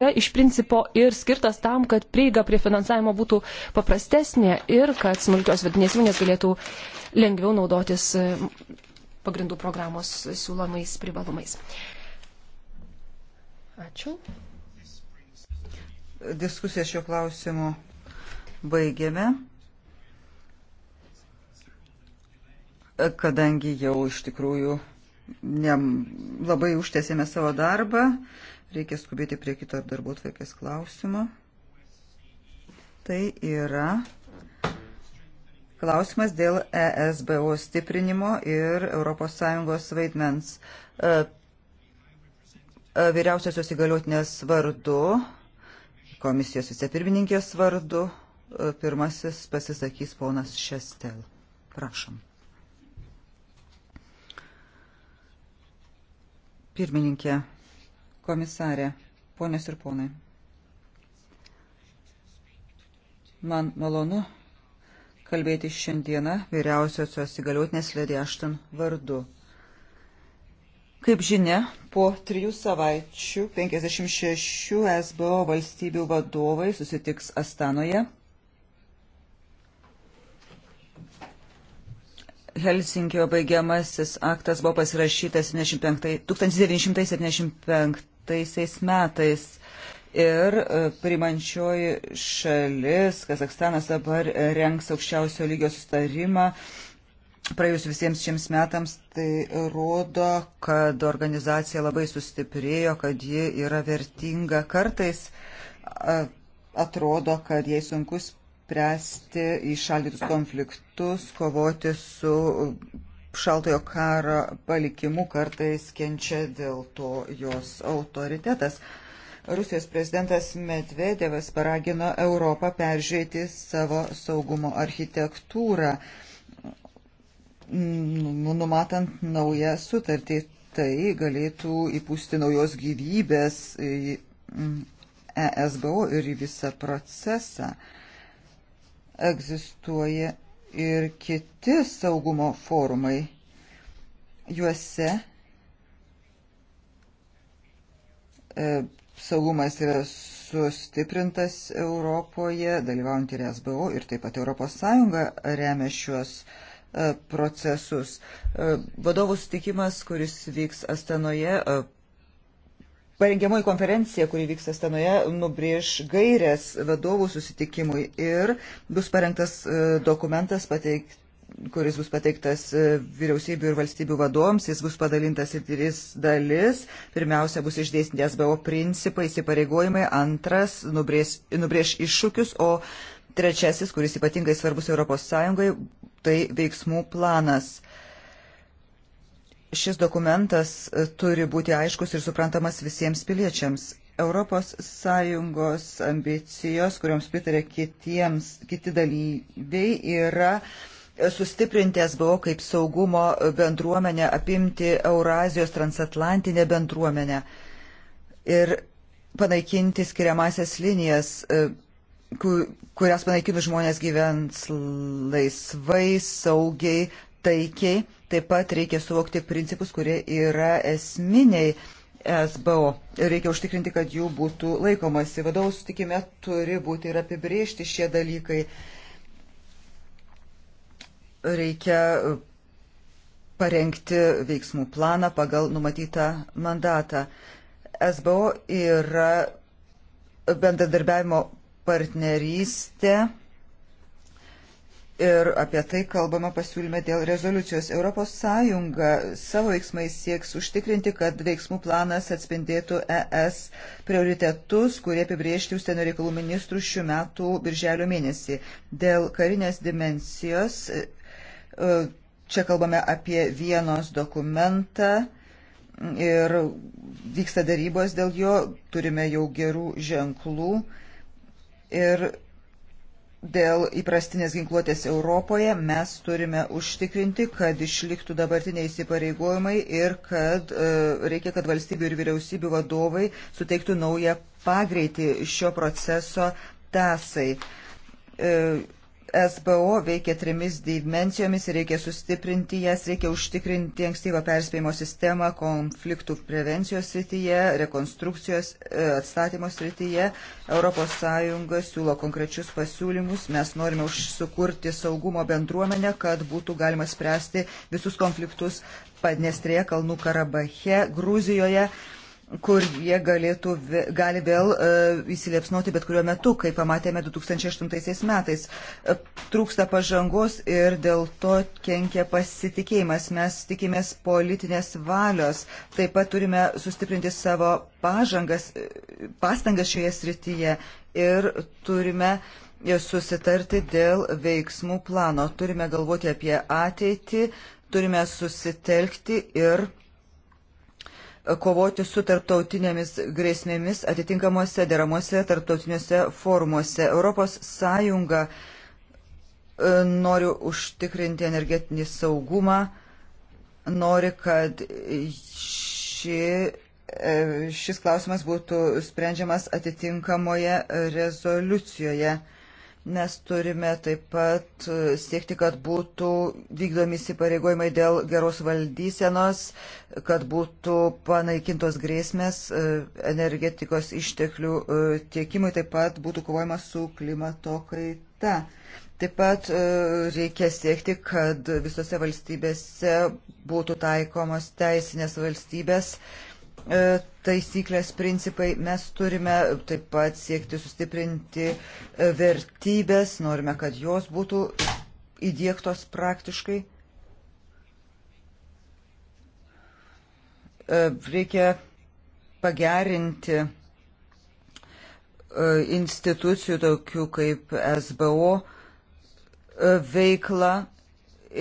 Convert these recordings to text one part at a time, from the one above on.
yra iš principo ir skirtas tam, kad prieiga prie finansavimo būtų paprastesnė ir kad smulkios vidinės įmonės galėtų lengviau naudotis e, pagrindų programos siūlomais privalumais. Ačiū. Diskusiją šio klausimu baigėme, kadangi jau iš tikrųjų ne, labai užtėsėme savo darbą. Reikia skubėti prie kito darbo tvarkės klausimo. Tai yra klausimas dėl ESBO stiprinimo ir ES vaidmens. E, e, vyriausiosios įgaliotinės vardu, komisijos vicepirmininkės vardu, e, pirmasis pasisakys ponas Šestel. Prašom. Pirmininkė komisarė, ponios ir ponai. Man malonu kalbėti šiandieną vyriausiosios įgaliotinės Lady Ashton vardu. Kaip žinia, po trijų savaičių 56 SBO valstybių vadovai susitiks Astanoje. Helsinkio baigiamasis aktas buvo pasirašytas 1975, 1975 2009 metais. Ir e, primančioji šalis, Kazakstanas dabar renks aukščiausio lygio sustarimą. Praėjus visiems šiems metams tai rodo, kad organizacija labai sustiprėjo, kad ji yra vertinga. Kartais atrodo, kad jai sunkus pręsti įšaldytus konfliktus, kovoti su šaltojo karo palikimu kartais kenčia dėl to jos autoritetas. Rusijos prezidentas Medvedevas paragino Europą peržiūrėti savo saugumo architektūrą, nu, numatant naują sutartį. Tai galėtų įpūsti naujos gyvybės į mm, ESBO ir į visą procesą. Egzistuoja ir kiti saugumo forumai. Juose e, saugumas yra sustiprintas Europoje, dalyvaujant ir SBO ir taip pat ES remia šiuos e, procesus. E, vadovų sutikimas, kuris vyks Astanoje, Parengiamoji konferencija, kuri vyks Astanoje, nubrėž gairės vadovų susitikimui ir bus parengtas e, dokumentas pateikt kuris bus pateiktas e, vyriausybių ir valstybių vadovams. Jis bus padalintas į tris dalis. Pirmiausia, bus išdėstinti SBO principai, įsipareigojimai. Antras, nubrėž, nubrėž iššūkius. O trečiasis, kuris ypatingai svarbus ES, tai veiksmų planas Šis dokumentas e, turi būti aiškus ir suprantamas visiems piliečiams. Europos Sąjungos ambicijos, kuriuoms pritarė kitiems, kiti dalyviai, yra e, sustiprinti SBO kaip saugumo bendruomenę, apimti Eurazijos transatlantinę bendruomenę ir panaikinti skiriamasias linijas, e, kurias panaikinus žmonės gyvens laisvai, saugiai, taikiai Taip pat reikia suvokti principus, kurie yra esminiai SBO. Reikia užtikrinti, kad jų būtų laikomasi. Vadovų sutikime turi būti ir apibriežti šie dalykai. Reikia parengti veiksmų planą pagal numatytą mandatą. SBO yra bendradarbiavimo partnerystė Ir apie tai kalbama pasiūlyme dėl rezoliucijos. Europos Sąjunga savo veiksmais sieks užtikrinti, kad veiksmų planas atspindėtų ES prioritetus, kurie apibriežti užsienio reikalų ministrų šių metų birželio mėnesį. Dėl karinės dimensijos, e, čia kalbame apie vienos dokumentą ir vyksta darybos dėl jo, turime jau gerų ženklų. Ir Dėl įprastinės ginkluotės Europoje mes turime užtikrinti, kad išliktų dabartiniai įsipareigojimai ir kad e, reikia, kad valstybių ir vyriausybių vadovai suteiktų naują pagreitį šio proceso tasai. E, SBO veikia trimis dimencijomis ir reikia sustiprinti jas, reikia užtikrinti ankstyvą perspėjimo sistemą konfliktų prevencijos srityje, rekonstrukcijos e, atstatymo srityje. ES siūlo konkrečius pasiūlymus, mes norime sukurti saugumo bendruomenę, kad būtų galima spręsti visus konfliktus Padnestrėje, Kalnų Karabache, Gruzijoje kur jie galėtų, gali vėl e, įsiliepsnoti bet kuriuo metu, kaip pamatėme 2008 metais. E, trūksta pažangos ir dėl to kenkia pasitikėjimas. Mes tikimės politinės valios. Taip pat turime sustiprinti savo pažangas, e, pastangas šioje srityje ir turime susitarti dėl veiksmų plano. Turime galvoti apie ateitį, turime susitelkti ir kovoti su tarptautinėmis grėsmėmis atitinkamuose deramuose tarptautiniuose formuose. Europos Sąjunga e, nori užtikrinti energetinį saugumą, nori, kad ši, e, šis klausimas būtų sprendžiamas atitinkamoje rezoliucijoje. Mes turime taip pat e, siekti, kad būtų vykdomi įsipareigojimai dėl geros valdysenos, kad būtų panaikintos grėsmės e, energetikos išteklių e, tiekimui, taip pat būtų kovojama su klimato kaita. Taip pat reikia siekti, kad visose valstybėse būtų taikomos teisinės valstybės. Uh, E, taisyklės principai. Mes turime taip pat siekti sustiprinti e, vertybės, norime, kad jos būtų įdėktos praktiškai. E, reikia pagerinti institucijų tokių kaip SBO veiklą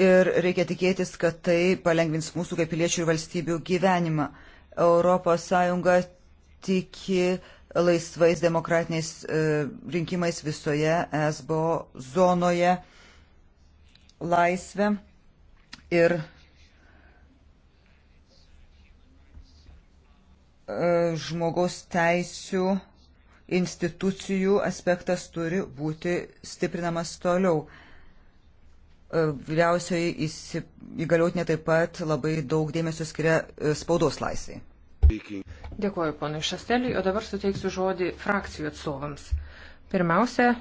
ir reikia tikėtis, kad tai palengvins mūsų kaip piliečių ir valstybių gyvenimą. ES tiki laisvais demokratiniais e, rinkimais visoje ESBO zonoje laisvę ir e, žmogaus teisių institucijų aspektas turi būti stiprinamas toliau. E, vyriausioji įgaliotinė taip pat labai daug dėmesio skiria e, spaudos laisvai. Dėkuoju ponui Šasteliui, o dabar suteiksiu žodį frakcijų atstovams. Pirmiausia,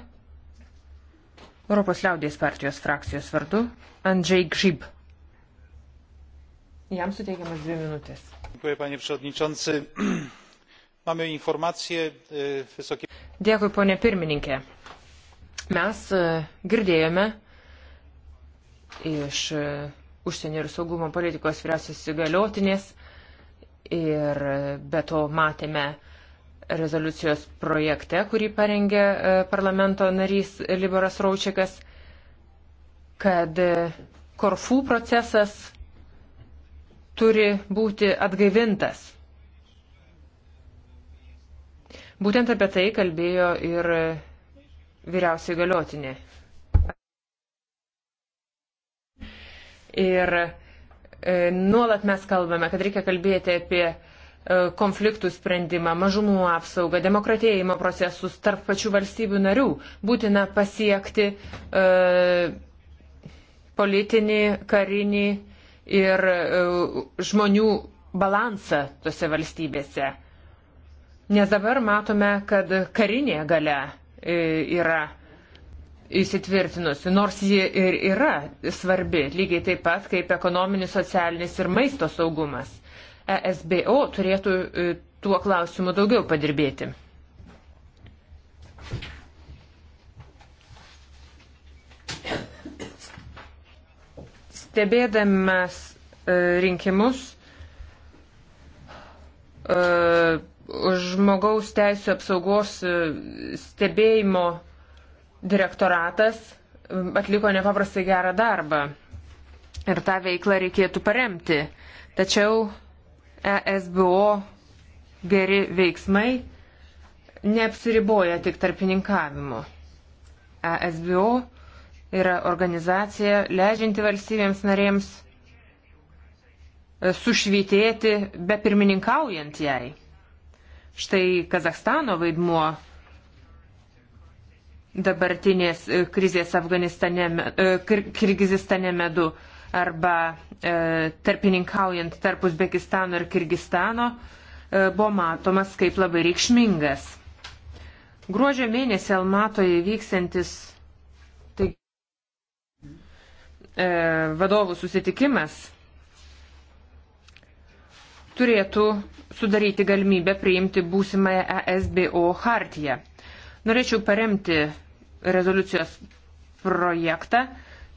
Europos liaudės partijos frakcijos vardu Andrzej Grzyb. Jam suteikiamas dvi minutės. Dėkuoju, panie przewodniczący. Mamy informację e, wysokie. Dėkui, ponė pirmininkė. Mes girdėjome iš e, užsienio ir saugumo politikos vyriausios įgaliotinės ir e, be to matėme rezoliucijos projekte, kurį parengė e, parlamento narys Liboras Raučiakas, kad Korfų procesas turi būti atgaivintas. Būtent apie tai kalbėjo ir vyriausiai galiotinė Ir e, nuolat mes kalbame, kad reikia kalbėti apie e, konfliktų sprendimą, mažumų apsaugą, demokratėjimo procesus tarp pačių valstybių narių. Būtina pasiekti e, politinį, karinį ir e, žmonių balansą tose valstybėse. Nes dabar matome, kad karinė gale e, yra įsitvirtinusi, nors ji ir yra svarbi, lygiai taip pat kaip ekonominis, socialinis ir maisto saugumas. ESBO turėtų e, tuo klausimu daugiau padirbėti. Stebėdamas e, rinkimus, e, žmogaus teisų apsaugos stebėjimo direktoratas um, atliko nepaprastai gerą darbą ir tą veiklą reikėtų paremti. Tačiau ESBO geri veiksmai neapsiriboja tik tarpininkavimu. ESBO yra organizacija leidžianti valstybėms narėms e, sušvytėti be pirmininkaujant jai. Štai Kazakstano vaidmuo dabartinės e, krizės Afganistane, e, Kir Kirgizistane medu arba e, tarpininkaujant tarp Uzbekistano ir Kirgistano e, buvo matomas kaip labai reikšmingas. Gruodžio mėnesį Almatoje vyksantis tai, e, vadovų susitikimas turėtų sudaryti galimybę priimti būsimąją ESBO hartiją. Norėčiau paremti rezoliucijos projektą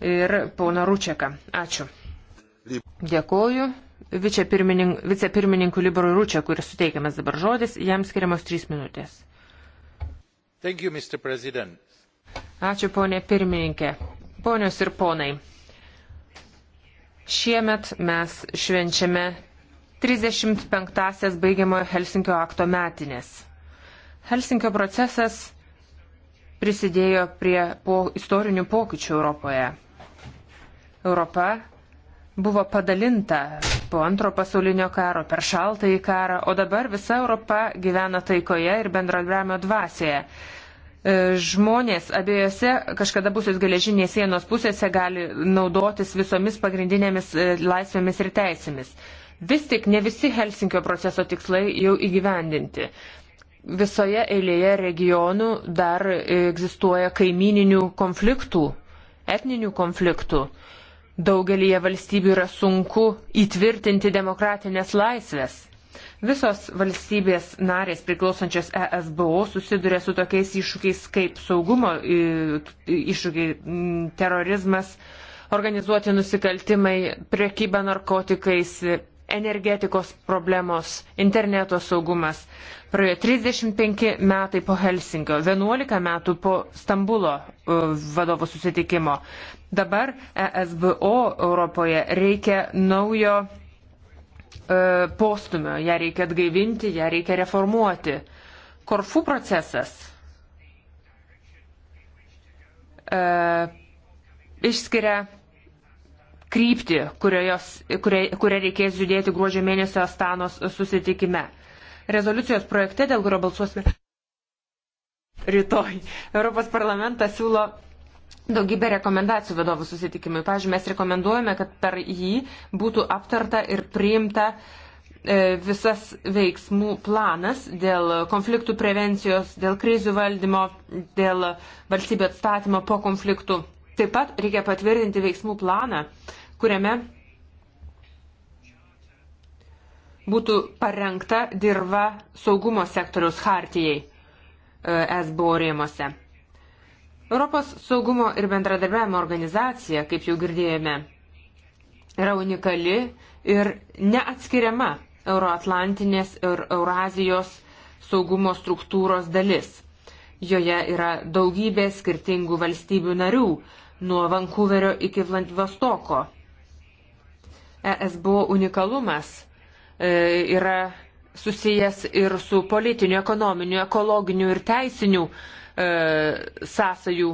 ir Pauna Rūčeką. Ačiū. Dėkoju. Vicepirminink, vicepirmininkų Libarui Rūčekui ir suteikiamas dabar žodis, jam skiriamos trys minutės. Thank you, Mr. President. Ačiū, ponė pirmininkė. Ponios ir ponai, šiemet mes švenčiame 35-asias baigiamojo Helsinkio akto metinės. Helsinkio procesas prisidėjo prie po istorinių pokyčių Europoje. Europa buvo padalinta po antro pasaulinio karo per šaltąjį karą, o dabar visa Europa gyvena taikoje ir bendradarbiavimo dvasėje. E, žmonės abiejose kažkada busios geležinės sienos pusėse gali naudotis visomis pagrindinėmis e, laisvėmis ir teisėmis. Vis tik ne visi Helsinkio proceso tikslai jau įgyvendinti visoje eilėje regionų dar egzistuoja kaimininių konfliktų, etninių konfliktų. Daugelį valstybių yra sunku įtvirtinti demokratinės laisvės. Visos valstybės narės priklausančios ESBO susiduria su tokiais iššūkiais kaip saugumo iššūkiai, terorizmas, organizuoti nusikaltimai, priekyba narkotikais, energetikos problemos, interneto saugumas. Praėjo 35 metai po Helsinkio, 11 metų po Stambulo e, vadovų susitikimo. Dabar ESBO Europoje reikia naujo e, postumio, ją reikia atgaivinti, ją reikia reformuoti. Korfų procesas e, išskiria kryptį, kurioje kurio, kurio reikės judėti gruodžio mėnesio Astanos susitikime rezoliucijos projekte, dėl kurio balsuosime rytoj. Europos parlamentas siūlo daugybę rekomendacijų vadovų susitikimui. Pavyzdžiui, mes rekomenduojame, kad per jį būtų aptarta ir priimta e, visas veiksmų planas dėl konfliktų prevencijos, dėl krizių valdymo, dėl valstybės atstatymo po konfliktų. Taip pat reikia patvirtinti veiksmų planą, kuriame būtų parengta dirba saugumo sektoriaus hartijai e, SBO rėmose. Europos saugumo ir bendradarbiavimo organizacija, kaip jau girdėjome, yra unikali ir neatskiriama Euroatlantinės ir Eurazijos saugumo struktūros dalis. Joje yra daugybė skirtingų valstybių narių, nuo Vankuverio iki Vladivostoko. E, ESBO unikalumas E, yra susijęs ir su politiniu, ekonominiu, ekologiniu ir teisiniu e, sąsajų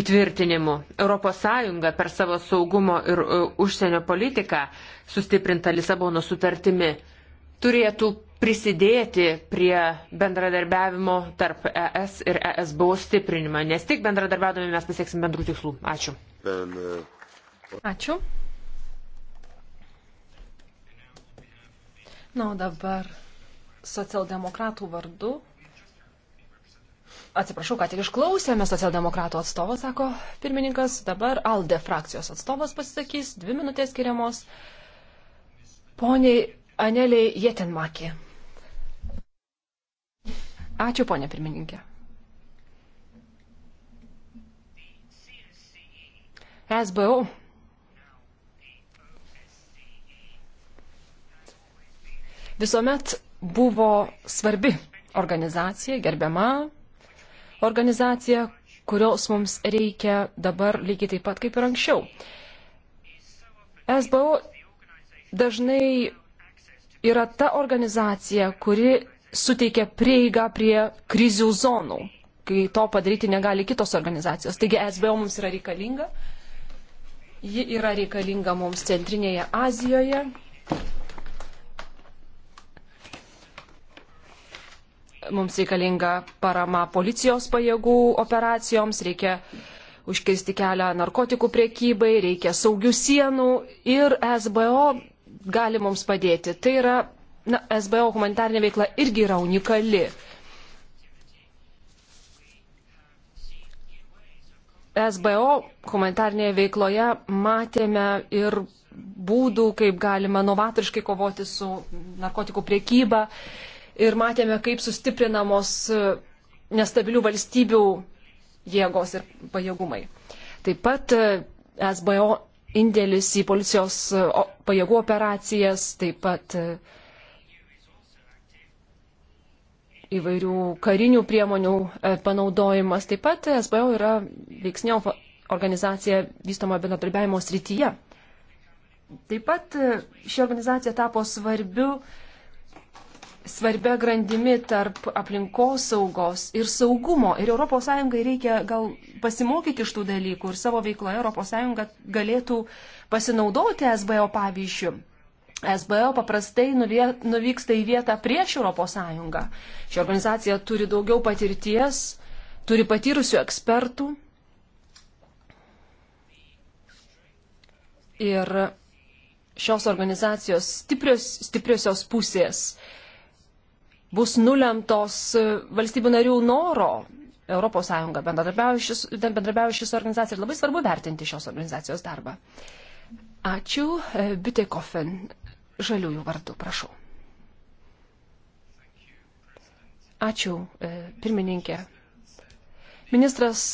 įtvirtinimu. ES per savo saugumo ir e, užsienio politiką, sustiprinta Lisabono sutartimi, turėtų prisidėti prie bendradarbiavimo tarp ES ir ESBO stiprinimą, nes tik bendradarbiaudami mes pasieksime bendrų tikslų. Ačiū. Uh, Ačiū. Na, o dabar socialdemokratų vardu. Atsiprašau, kad ir išklausėme socialdemokratų atstovą, sako pirmininkas. Dabar ALDE frakcijos atstovas pasisakys, dvi minutės skiriamos. Poniai Aneliai Jetenmakė. Ačiū, ponė pirmininkė. SBO visuomet buvo svarbi organizacija, gerbiama organizacija, kurios mums reikia dabar lygiai taip pat kaip ir anksčiau. SBO dažnai yra ta organizacija, kuri suteikia prieigą prie krizių zonų, kai to padaryti negali kitos organizacijos. Taigi SBO mums yra reikalinga. Ji yra reikalinga mums Centrinėje Azijoje, Mums reikalinga parama policijos pajėgų operacijoms, reikia užkirsti kelią narkotikų priekybai, reikia saugių sienų ir SBO gali mums padėti. Tai yra, na, SBO humanitarinė veikla irgi yra unikali. SBO humanitarnėje veikloje matėme ir būdų, kaip galima novatoriškai kovoti su narkotikų priekyba, ir matėme, kaip sustiprinamos e, nestabilių valstybių jėgos ir pajėgumai. Taip pat e, SBO indėlis į policijos e, pajėgų operacijas, taip pat įvairių karinių priemonių panaudojimas. Taip pat SBO yra veiksnio organizacija vystoma bendradarbiavimo srityje. Taip pat ši organizacija tapo svarbiu uh, svarbia grandimi tarp aplinkos saugos ir saugumo. Ir ES reikia gal pasimokyti iš tų dalykų ir savo veikloje ES galėtų pasinaudoti SBO pavyzdžių. SBO paprastai nuvyksta į vietą prieš ES. Ši organizacija turi daugiau patirties, turi patyrusių ekspertų. Ir šios organizacijos stiprios, stipriosios pusės bus nulemtos e, valstybių narių noro. ES bendradarbiauja šis organizacija ir labai svarbu vertinti šios organizacijos darbą. Ačiū, e, Bitekofen, žaliųjų vardu, prašau. Ačiū, e, pirmininkė. Ministras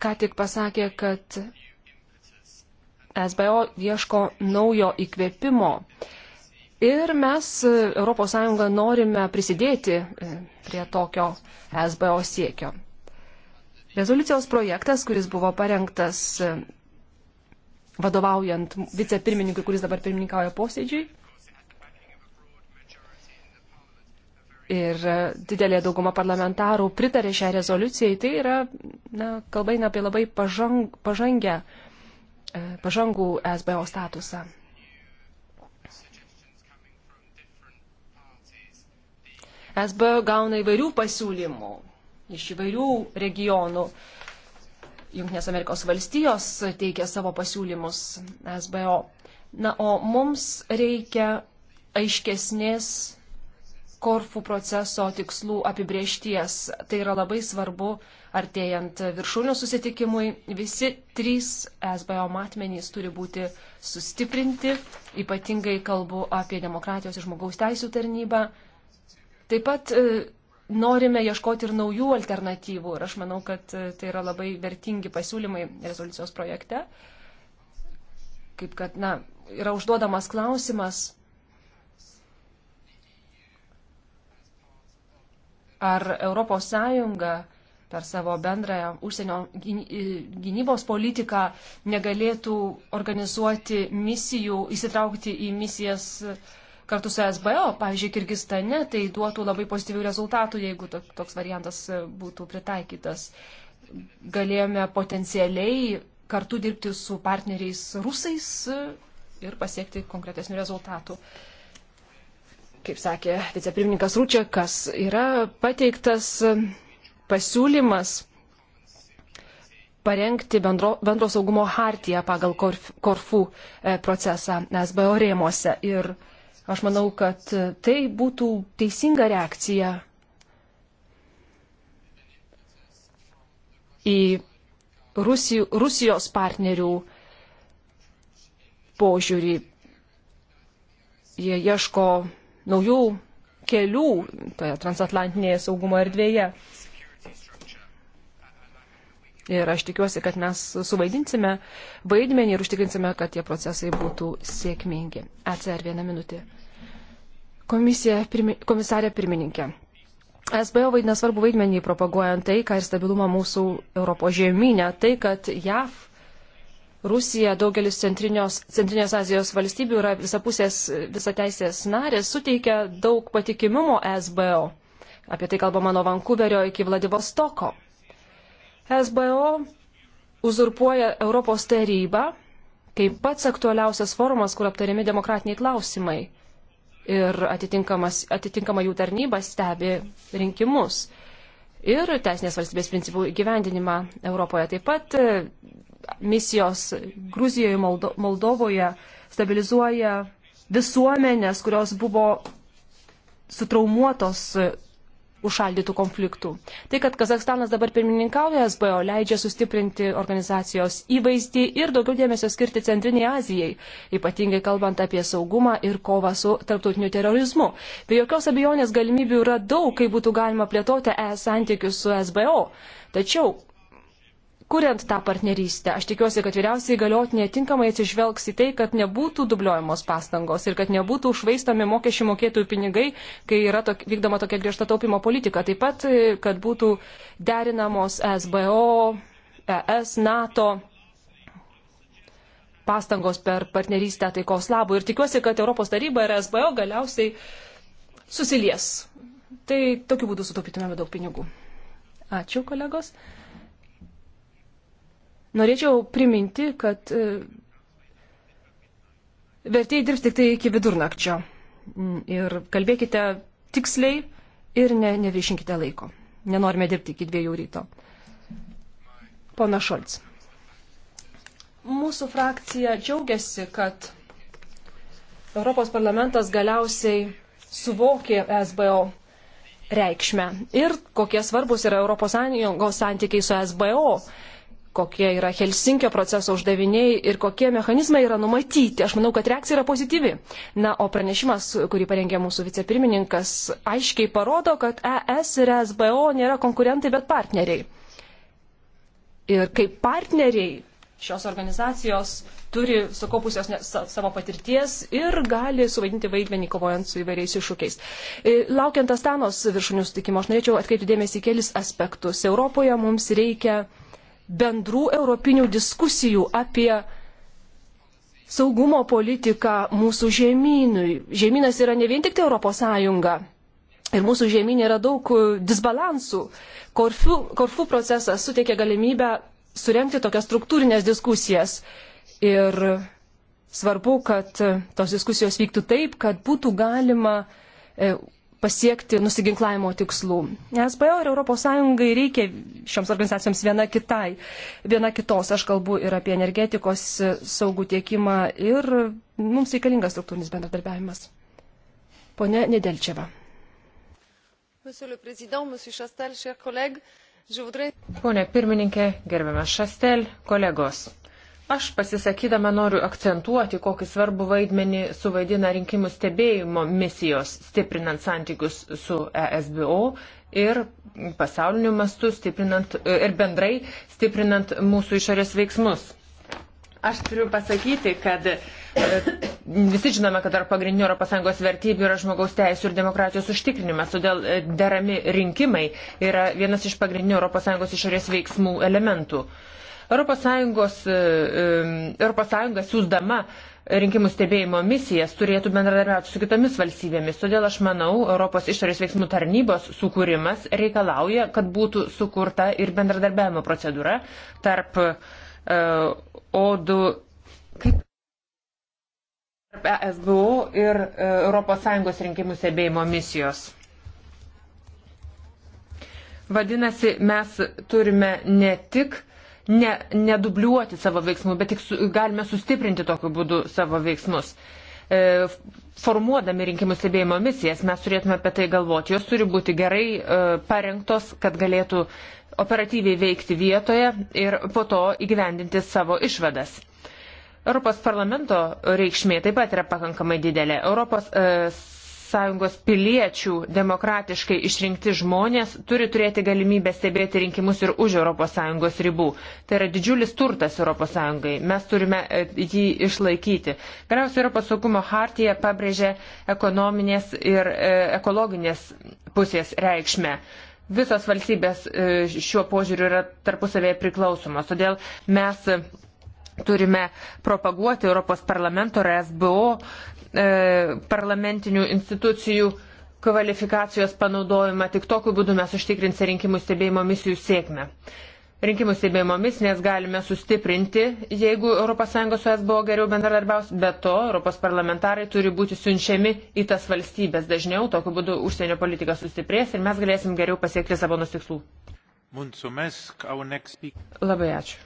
ką tik pasakė, kad SBO ieško naujo įkvėpimo uh, Ir mes ES norime prisidėti e, prie tokio SBO siekio. Rezoliucijos projektas, kuris buvo parengtas e, vadovaujant vicepirmininkui, kuris dabar pirmininkauja posėdžiui. Ir e, didelė dauguma parlamentarų pritarė šią rezoliuciją. Tai yra, na, kalba eina apie labai pažang, pažangę, pažangų SBO statusą. SB gauna įvairių pasiūlymų iš įvairių regionų. Junktinės Amerikos valstijos teikia savo pasiūlymus SBO. Na, o mums reikia aiškesnės korfų proceso tikslų apibriešties. Tai yra labai svarbu artėjant viršūnių susitikimui. Visi trys SBO matmenys turi būti sustiprinti, ypatingai kalbu apie demokratijos ir žmogaus teisų tarnybą, Taip pat e, norime ieškoti ir naujų alternatyvų ir aš manau, kad e, tai yra labai vertingi pasiūlymai rezoliucijos projekte. Kaip kad, na, yra užduodamas klausimas, ar ES per savo bendrąją užsienio gynybos politiką negalėtų organizuoti misijų, įsitraukti į misijas kartu su SBO, pavyzdžiui, Kirgistane, tai duotų labai pozityvių rezultatų, jeigu toks variantas e, būtų pritaikytas. Galėjome potencialiai kartu dirbti su partneriais rusais e, ir pasiekti konkretesnių rezultatų. Kaip sakė vicepirmininkas Rūčiakas, yra pateiktas e, pasiūlymas parengti bendro, bendro saugumo hartiją pagal korf, Korfų procesą SBO rėmose. Ir Aš manau, kad tai būtų teisinga reakcija į Rusijų, Rusijos partnerių požiūrį. Jie ieško naujų kelių toje transatlantinėje saugumo erdvėje. Ir aš tikiuosi, kad mes suvaidinsime vaidmenį ir užtikrinsime, kad tie procesai būtų sėkmingi. ECR vieną minutę komisija, pirmi, komisarė pirmininkė. SBO vaidina svarbu vaidmenį propaguojant taiką ir stabilumą mūsų Europos žemynę. Tai, kad JAV, Rusija, daugelis Centrinės Azijos valstybių yra visapusės visateisės narės, suteikia daug patikimumo SBO. Apie tai kalbama nuo Vankuverio iki Vladivostoko. SBO uzurpuoja Europos tarybą kaip pats aktualiausias forumas, kur aptariami demokratiniai klausimai ir atitinkama jų tarnyba stebi rinkimus ir teisinės valstybės principų įgyvendinimą Europoje. Taip pat e, misijos Gruzijoje, Moldo, Moldovoje stabilizuoja visuomenės, kurios buvo sutraumuotos užšaldytų konfliktų. Tai, kad Kazakstanas dabar pirmininkauja SBO, leidžia sustiprinti organizacijos įvaizdį ir daugiau dėmesio skirti Centriniai Azijai, ypatingai kalbant apie saugumą ir kovą su tarptautiniu terorizmu. Be jokios abejonės galimybių yra daug, kai būtų galima plėtoti ES santykius su SBO. Tačiau kuriant tą partnerystę. Aš tikiuosi, kad vyriausiai galiotinė tinkamai atsižvelgs į tai, kad nebūtų dubliuojamos pastangos ir kad nebūtų užvaistomi mokesčių mokėtojų pinigai, kai yra tok, vykdoma tokia griežta taupimo politika. Taip pat, kad būtų derinamos SBO, ES, NATO pastangos per partnerystę taikos labų. Ir tikiuosi, kad Europos taryba ir SBO galiausiai susilies. Tai tokiu būdu sutaupytumėme daug pinigų. Ačiū, kolegos. Norėčiau priminti, kad e, vertėjai dirbs tik tai iki vidurnakčio. Mm, ir kalbėkite tiksliai ir ne, neviršinkite laiko. Nenorime dirbti iki dviejų ryto. Pana Šolc. Mūsų frakcija džiaugiasi, kad Europos parlamentas galiausiai suvokė SBO reikšmę ir kokie svarbus yra ES santykiai su SBO kokie yra Helsinkio proceso uždaviniai ir kokie mechanizmai yra numatyti. Aš manau, kad reakcija yra pozityvi. Na, o pranešimas, kurį parengė mūsų vicepirmininkas, aiškiai parodo, kad ES ir SBO nėra konkurentai, bet partneriai. Ir kaip partneriai šios organizacijos turi sukaupusios savo patirties ir gali suvaidinti vaidmenį kovojant su įvairiais iššūkiais. E, laukiant Astanos viršūnių sutikimo, aš norėčiau atkreipti dėmesį į kelis aspektus. Europoje mums reikia bendrų europinių diskusijų apie saugumo politiką mūsų žemynui. Žemynas yra ne vien tik tai Europos Sąjunga. Ir mūsų žemynė yra daug disbalansų. Korfu, korfu procesas suteikia galimybę surenkti tokias struktūrinės diskusijas. Ir svarbu, kad tos diskusijos vyktų taip, kad būtų galima e, pasiekti nusiginklavimo tikslų. SBO ir ES reikia šioms organizacijoms viena kitai, viena kitos. Aš kalbu ir apie energetikos e, saugų tiekimą ir mums reikalingas struktūrinis bendradarbiavimas. Pone Nedelčiava. Pone pirmininkė, gerbiamas Šastel, kolegos. Aš pasisakydama noriu akcentuoti, kokį svarbų vaidmenį suvaidina rinkimų stebėjimo misijos, stiprinant santykius su ESBO ir pasauliniu mastu, stiprinant e, ir bendrai stiprinant mūsų išorės veiksmus. Aš turiu pasakyti, kad e, visi žinome, kad tarp pagrindinių ES vertybių yra žmogaus teisų ir demokratijos užtikrinimas, todėl e, derami rinkimai yra vienas iš pagrindinių ES išorės veiksmų elementų. ES, ES e, siūsdama rinkimų stebėjimo misijas turėtų bendradarbiauti su kitomis valstybėmis. Todėl aš manau, Europos išorės veiksmų tarnybos sukūrimas reikalauja, kad būtų sukurta ir bendradarbiavimo procedūra tarp uh, e, ODU. Kaip? Tarp ESBU ir uh, e, ES rinkimų stebėjimo misijos. Vadinasi, mes turime ne tik ne, nedubliuoti savo veiksmų, bet tik su, galime sustiprinti tokiu būdu savo veiksmus. E, formuodami rinkimų stebėjimo misijas mes turėtume apie tai galvoti. Jos turi būti gerai e, parengtos, kad galėtų operatyviai veikti vietoje ir po to įgyvendinti savo išvadas. Europos parlamento reikšmė taip pat yra pakankamai didelė. Europos e, ES piliečių demokratiškai išrinkti žmonės turi turėti galimybę stebėti rinkimus ir už ES ribų. Tai yra didžiulis turtas ES. Mes turime e, jį išlaikyti. Galiausiai Europos saugumo hartija pabrėžė ekonominės ir e, ekologinės pusės reikšmę visos valstybės e, šiuo požiūriu yra tarpusavėje priklausomos. Todėl mes turime propaguoti Europos parlamento ir SBO E, parlamentinių institucijų kvalifikacijos panaudojimą. Tik tokiu būdu mes užtikrinsime rinkimų stebėjimo misijų sėkmę. Rinkimų stebėjimo misijas galime sustiprinti, jeigu ES su es buvo geriau bendradarbiaus, bet to Europos parlamentarai turi būti siunčiami į tas valstybės dažniau, tokiu būdu užsienio politika sustiprės ir mes galėsim geriau pasiekti savo nusikslų. Labai ačiū.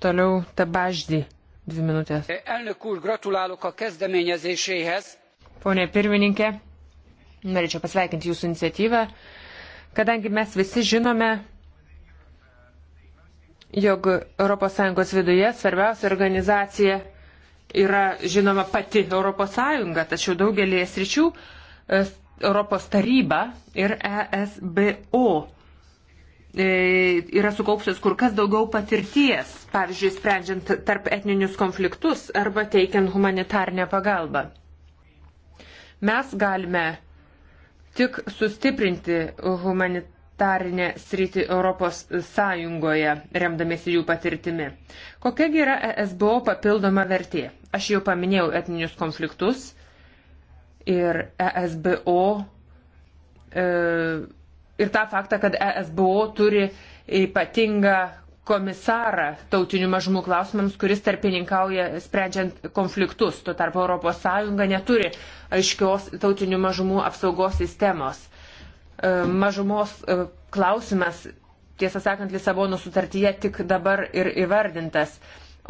Toliau tabaždį. Dvi minutės. Eh, elnök úr, gratulálok a kezdeményezéséhez. Pone pirmininkė, norėčiau pasveikinti jūsų iniciatyvą, kadangi mes visi žinome, jog ES viduje svarbiausia organizacija yra žinoma pati ES, tačiau daugelį sričių ES eh, taryba ir ESBO E, yra sukaupsios kur kas daugiau patirties, pavyzdžiui, sprendžiant tarp etninius konfliktus arba teikiant humanitarnę pagalbą. Mes galime tik sustiprinti humanitarnę humanitarinę sritį Europos Sąjungoje, remdamėsi jų patirtimi. Kokiagi yra ESBO papildoma vertė? Aš jau paminėjau etninius konfliktus ir ESBO e, ir tą faktą, kad ESBO turi ypatingą komisarą tautinių mažumų klausimams, kuris tarpininkauja sprendžiant konfliktus. Tuo tarpu ES neturi aiškios tautinių mažumų apsaugos sistemos. E, mažumos e, klausimas, tiesą sakant, Lisabono sutartyje tik dabar ir įvardintas.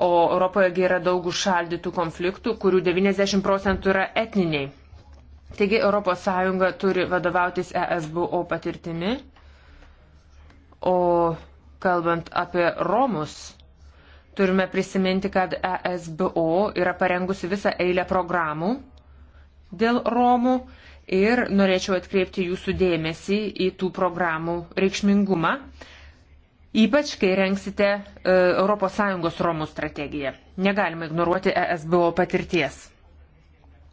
O Europoje yra daug užšaldytų konfliktų, kurių 90 procentų yra etniniai. Taigi ES turi vadovautis ESBO patirtimi, o kalbant apie Romus, turime prisiminti, kad ESBO yra parengusi visą eilę programų dėl Romų ir norėčiau atkreipti jūsų dėmesį į tų programų reikšmingumą, ypač kai renksite ES Romų strategiją. Negalima ignoruoti ESBO patirties.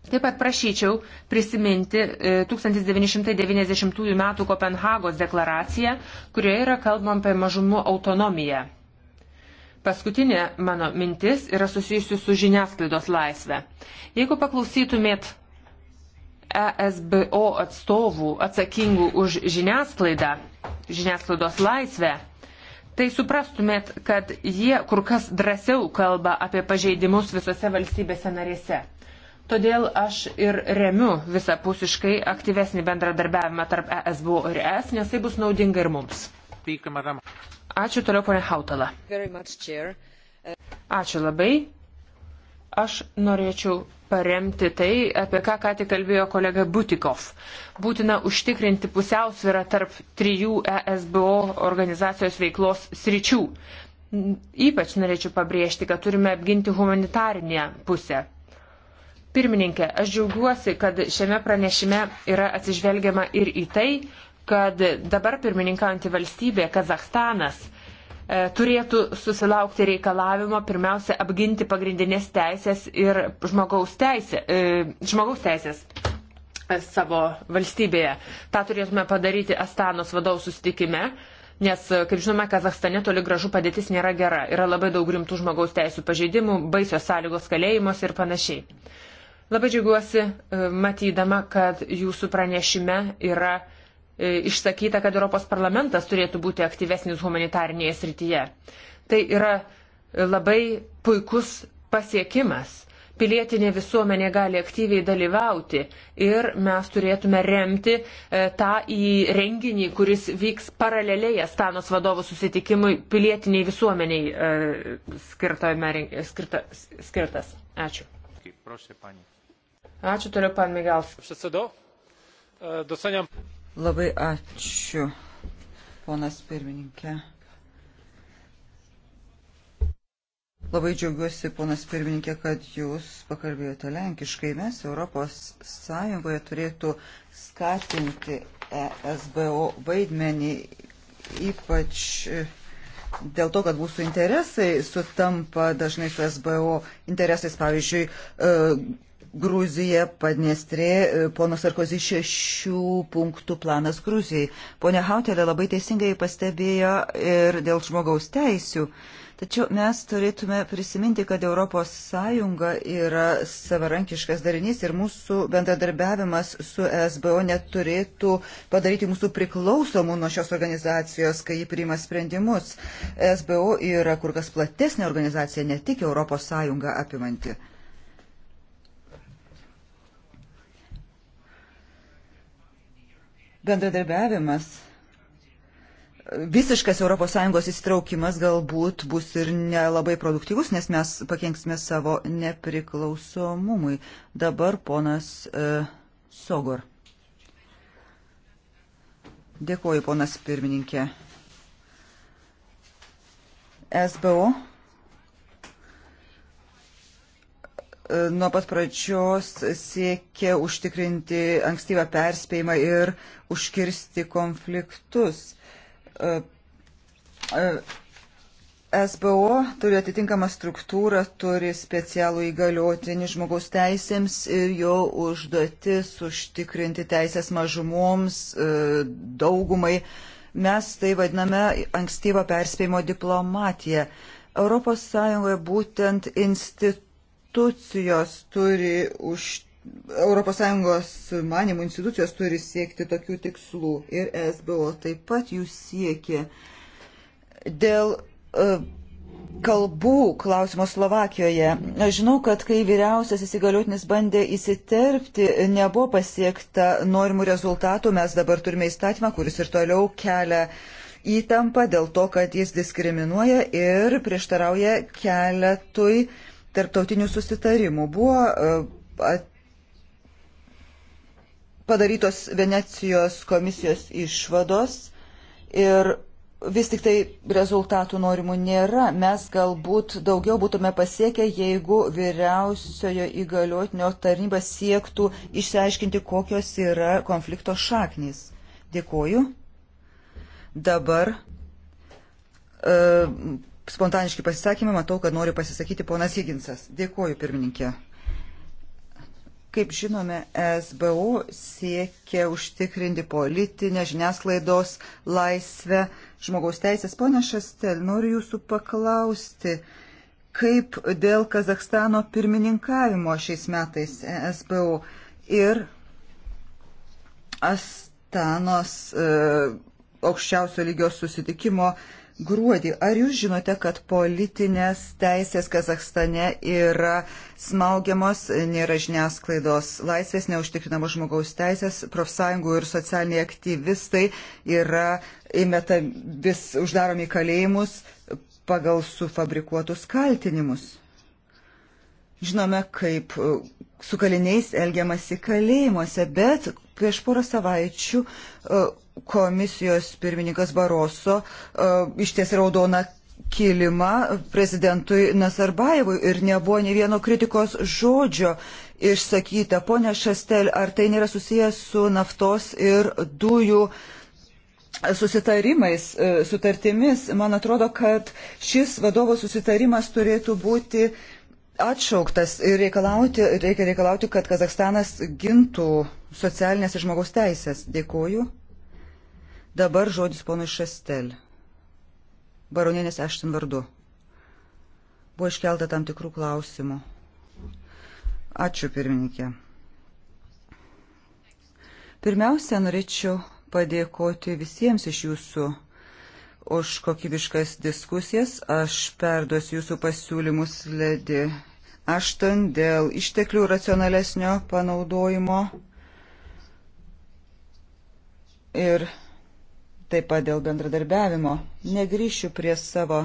Taip pat prašyčiau prisiminti 1990 e, m. Kopenhagos deklaraciją, kurioje yra kalbama apie mažumų autonomiją. Paskutinė mano mintis yra susijusi su žiniasklaidos laisvė. Jeigu paklausytumėt ESBO atstovų atsakingų už žiniasklaidą, žiniasklaidos laisvę, tai suprastumėt, kad jie kur kas drąsiau kalba apie pažeidimus visose valstybėse narėse. Todėl aš ir remiu visapusiškai aktyvesnį bendradarbiavimą tarp ESBO ir ES, nes tai bus naudinga ir mums. Ačiū toliau, ponė Hautala. Ačiū labai. Aš norėčiau paremti tai, apie ką ką tik kalbėjo kolega Butikov. Būtina užtikrinti pusiausvyrą tarp trijų ESBO organizacijos veiklos sričių. Ypač norėčiau pabrėžti, kad turime apginti humanitarinę pusę Pirmininkė, aš džiaugiuosi, kad šiame pranešime yra atsižvelgiama ir į tai, kad dabar pirmininkaujantį valstybę Kazahstanas e, turėtų susilaukti reikalavimo pirmiausia apginti pagrindinės teisės ir žmogaus, teisė, e, žmogaus teisės e, savo valstybėje. Ta turėtume padaryti Astanos vadovų sustikime. Nes, kaip žinome, Kazahstane toli gražu padėtis nėra gera. Yra labai daug rimtų žmogaus teisų pažeidimų, baisios sąlygos kalėjimuose ir panašiai. Labai džiaugiuosi e, matydama, kad jūsų pranešime yra e, išsakyta, kad Europos parlamentas turėtų būti aktyvesnis humanitarnėje srityje. Tai yra labai puikus pasiekimas. Pilietinė visuomenė gali aktyviai dalyvauti ir mes turėtume remti e, tą į renginį, kuris vyks paraleliai Astanos vadovų susitikimui pilietiniai visuomeniai skirta, skirta, skirtas. Ačiū. Proszę Pani. Ačiū toliau, pan Migals. E, Labai ačiū, ponas pirmininkė. Labai džiaugiuosi, ponas pirmininkė, kad jūs pakalbėjote lenkiškai. Mes Europos Sąjungoje turėtų skatinti ESBO vaidmenį, ypač e, dėl to, kad mūsų interesai sutampa dažnai su SBO interesais, pavyzdžiui, e, Gruzija, Padnestrė, e, pono Sarkozy šešių punktų planas Gruzijai. Pone Hautelė labai teisingai pastebėjo ir dėl žmogaus teisių. Tačiau mes turėtume prisiminti, kad ES yra savarankiškas darinys ir mūsų bendradarbiavimas su SBO neturėtų padaryti mūsų priklausomų nuo šios organizacijos, kai ji priima sprendimus. SBO yra kur kas platesnė organizacija, ne tik ES apimanti. bendradarbiavimas, visiškas ES įsitraukimas galbūt bus ir nelabai produktyvus, nes mes pakenksime savo nepriklausomumui. Dabar ponas e, Sogor. Dėkuoju, ponas pirmininkė. SBO nuo pat pradžios siekė užtikrinti ankstyvą perspėjimą ir užkirsti konfliktus. E, e, SBO turi atitinkamą struktūrą, turi specialų įgaliotinį žmogaus teisėms ir jo užduotis užtikrinti teisės mažumoms, e, daugumai. Mes tai vadiname ankstyvą perspėjimo diplomatiją. ES būtent institu institucijos turi už. ES manimų institucijos turi siekti tokių tikslų ir SBO taip pat jų siekia. Dėl uh, kalbų klausimo Slovakijoje. Aš žinau, kad kai vyriausias įsigaliotinis bandė įsiterpti, nebuvo pasiekta norimų rezultatų. Mes dabar turime įstatymą, kuris ir toliau kelia įtampą dėl to, kad jis diskriminuoja ir prieštarauja keletui uh, tarptautinių susitarimų. Buvo e, padarytos Venecijos komisijos išvados ir vis tik tai rezultatų norimų nėra. Mes galbūt daugiau būtume pasiekę, jeigu vyriausiojo įgaliotinio tarnyba siektų išsiaiškinti, kokios yra konflikto šaknys. Dėkuoju. Dabar e, spontaniški pasisakymai, matau, kad nori pasisakyti ponas Higginsas. Dėkuoju, pirmininkė. Kaip žinome, SBO siekia užtikrinti politinę žiniasklaidos laisvę, žmogaus teisės. Pone Šastel, noriu jūsų paklausti, kaip dėl Kazakstano pirmininkavimo šiais metais SBO ir Astanos e, aukščiausio lygios susitikimo e, gruodį. Ar jūs žinote, kad politinės teisės Kazakstane yra smaugiamos, nėra žiniasklaidos laisvės, neužtikrinamos žmogaus teisės, profsąjungų ir socialiniai aktyvistai yra įmeta vis uždaromi kalėjimus pagal sufabrikuotus kaltinimus? Žinome, kaip su kaliniais elgiamasi kalėjimuose, bet Prieš porą savaičių e, komisijos pirmininkas Baroso e, išties raudoną kilimą prezidentui Nazarbaevui ir nebuvo ne vieno kritikos žodžio išsakyta. Pone Šastel, ar tai nėra susijęs su naftos ir dujų susitarimais, e, sutartimis? Man atrodo, kad šis vadovo susitarimas turėtų būti atšauktas ir reikalauti, reikia reikalauti, kad Kazakstanas gintų socialinės ir žmogaus teisės. Dėkoju. Dabar žodis ponui Šestel. Baronienės Ešten vardu. Buvo iškelta tam tikrų klausimų. Ačiū, pirmininkė. Pirmiausia, norėčiau padėkoti visiems iš jūsų už kokybiškas diskusijas. Aš perduosiu jūsų pasiūlymus ledi aštan dėl išteklių racionalesnio panaudojimo ir taip pat dėl bendradarbiavimo. Negryšiu prie savo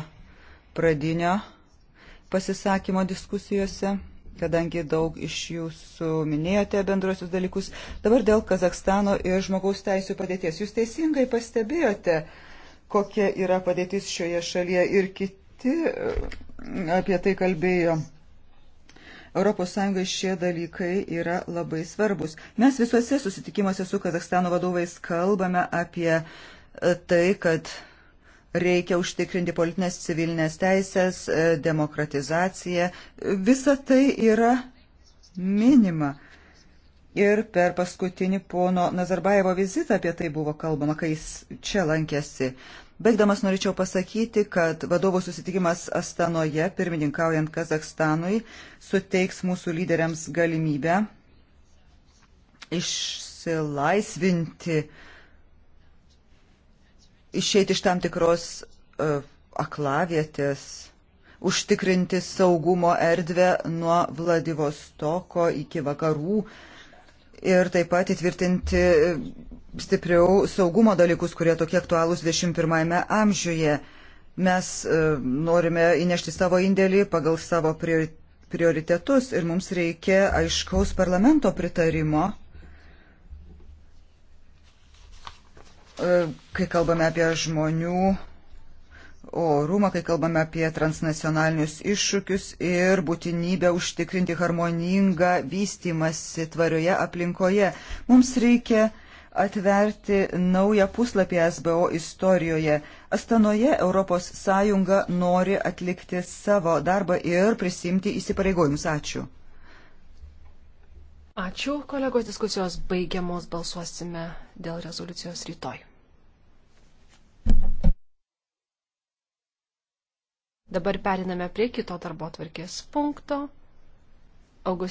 pradinio pasisakymo diskusijose, kadangi daug iš jūsų minėjote bendrosius dalykus. Dabar dėl Kazakstano ir žmogaus teisų padėties. Jūs teisingai pastebėjote, kokia yra padėtis šioje šalyje ir kiti e, apie tai kalbėjo ES šie dalykai yra labai svarbus. Mes visuose susitikimuose su Kazakstano vadovais kalbame apie e, tai, kad reikia užtikrinti politinės civilinės teisės, e, demokratizaciją. Visa tai yra minima. Ir per paskutinį pono Nazarbaevo vizitą apie tai buvo kalbama, kai jis čia lankėsi. Baigdamas norėčiau pasakyti, kad vadovų susitikimas Astanoje, pirmininkaujant Kazakstanui, suteiks mūsų lyderiams galimybę išsilaisvinti, išeiti iš tam tikros uh, aklavietės užtikrinti saugumo erdvę nuo Vladivostoko iki vakarų ir taip pat įtvirtinti stipriau saugumo dalykus, kurie tokie aktualūs 21 amžiuje. Mes e, norime įnešti savo indėlį pagal savo prioritetus ir mums reikia aiškaus parlamento pritarimo, e, kai kalbame apie žmonių orumą, kai kalbame apie transnacionalinius iššūkius ir būtinybę užtikrinti harmoningą vystimąsi tvarioje aplinkoje. Mums reikia atverti naują puslapį SBO istorijoje. Astanoje ES nori atlikti savo darbą ir prisimti įsipareigojimus. Ačiū. Ačiū, kolegos diskusijos baigiamos, balsuosime dėl rezoliucijos rytoj. Dabar periname prie kito darbo tvarkės punkto. August